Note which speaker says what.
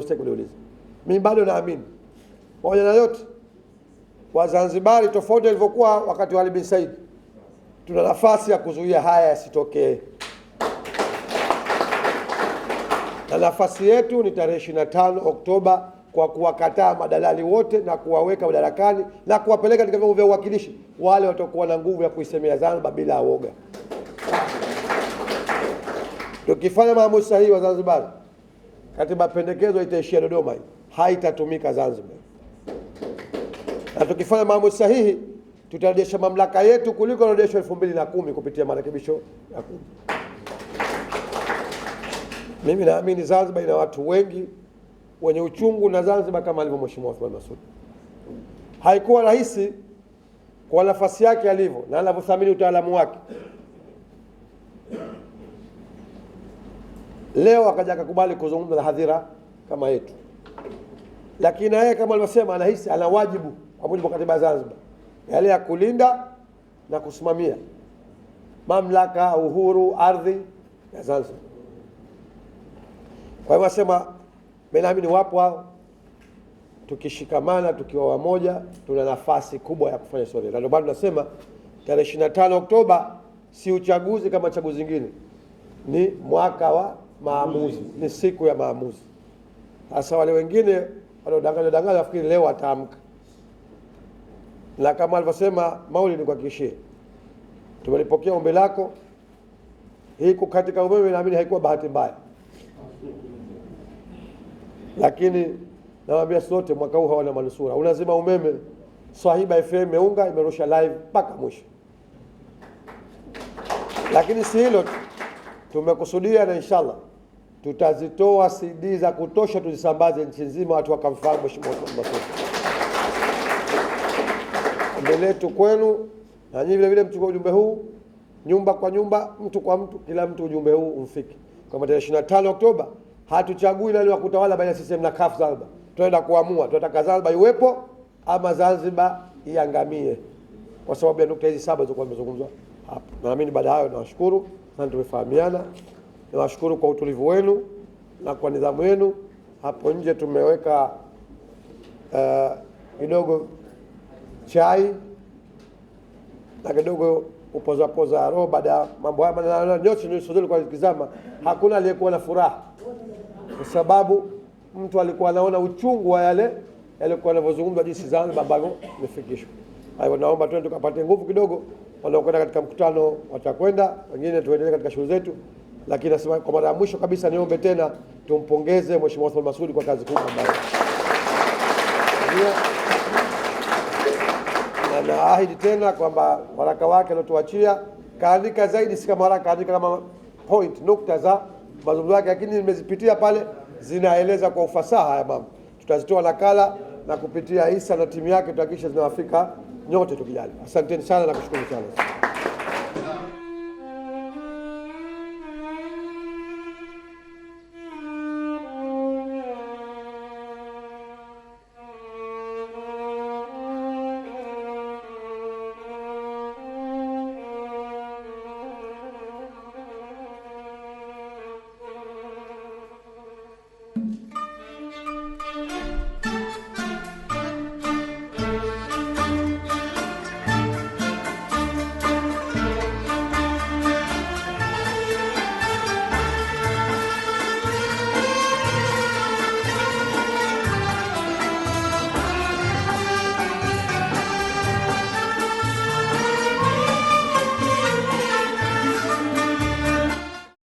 Speaker 1: usitaki kuniuliza mimi. Bado naamini pamoja na yote, Wazanzibari tofauti walivyokuwa wakati wa Ali bin Said, tuna nafasi ya kuzuia haya yasitokee, na nafasi yetu ni tarehe 25 Oktoba kwa kuwakataa madalali wote na kuwaweka madarakani na kuwapeleka katika vyombo vya uwakilishi wale watakuwa na nguvu ya kuisemea Zanzibar bila uoga. Tukifanya maamuzi sahihi, Zanzibar, katiba pendekezo itaishia Dodoma, haitatumika Zanzibar. Na tukifanya maamuzi sahihi tutarejesha mamlaka yetu kuliko narejeshwa elfu mbili na kumi kupitia marekebisho ya kumi. Mimi naamini Zanzibar ina watu wengi wenye uchungu na Zanzibar kama alivyo Mheshimiwa Othman Masoud. Haikuwa rahisi kwa nafasi yake alivyo na anavyothamini utaalamu wake Leo akaja akakubali kuzungumza na hadhira kama yetu, lakini yeye kama alivyosema, anahisi ana wajibu kwa mujibu wa katiba ya Zanzibar, yale ya kulinda na kusimamia mamlaka, uhuru, ardhi ya Zanzibar. Kwa hiyo asema, mi naamini wapo hao, tukishikamana, tukiwa wamoja, tuna nafasi kubwa ya kufanya sori, na ndio bado tunasema tarehe 25 Oktoba si uchaguzi kama chaguzi zingine, ni mwaka wa maamuzi, ni siku ya maamuzi. Sasa wale wengine wanaodanganya danganya nafikiri leo wataamka, na kama alivyosema Mauli, nikuhakikishie tumelipokea ombi lako. Hii kukatika umeme naamini haikuwa bahati mbaya, lakini nawaambia sote, mwaka huu hawana manusura. Unazima umeme, Swahiba FM imeunga imerusha live mpaka mwisho. Lakini si hilo tu, tumekusudia na inshallah tutazitoa CD za kutosha tuzisambaze nchi nzima, watu wakamfahamu Mheshimiwa Ombi letu kwenu na nyinyi vile vile mchukue ujumbe huu nyumba kwa nyumba, mtu kwa mtu, kila mtu ujumbe huu umfike, kwamba tarehe 25 Oktoba hatuchagui nani wa kutawala baina ya CCM na CUF Zanzibar. Tunaenda kuamua, tunataka Zanzibar iwepo ama Zanzibar iangamie, kwa sababu ya nukta hizi saba zilizokuwa zimezungumzwa hapa. Naamini baada ya hayo, nawashukuru, na tumefahamiana. Niwashukuru kwa utulivu wenu na kwa nidhamu yenu. Hapo nje tumeweka eh, kidogo uh, chai na kidogo poza roho baada ya mambo haya kizama. Hakuna aliyekuwa na furaha, kwa sababu mtu alikuwa anaona uchungu wa yale yalikuwa yanavyozungumzwa jinsi Zanzibar ambavyo imefikishwa. Kwa hivyo naomba tuende tukapate nguvu kidogo, wanaokwenda katika mkutano watakwenda, wengine tuendelee katika shughuli zetu. Lakini nasema kwa mara ya mwisho kabisa, niombe tena tumpongeze Mheshimiwa Othman Masoud kwa kazi kubwa ambayo na naahidi tena kwamba waraka wake aliotuachia kaandika zaidi, si kama waraka, kaandika kama point, nukta za mazungumzo yake, lakini nimezipitia pale, zinaeleza kwa ufasaha ya mambo. Tutazitoa nakala na kupitia Isa na timu yake, tutahakikisha zinawafika nyote tukijali. Asanteni sana na kushukuru sana. you.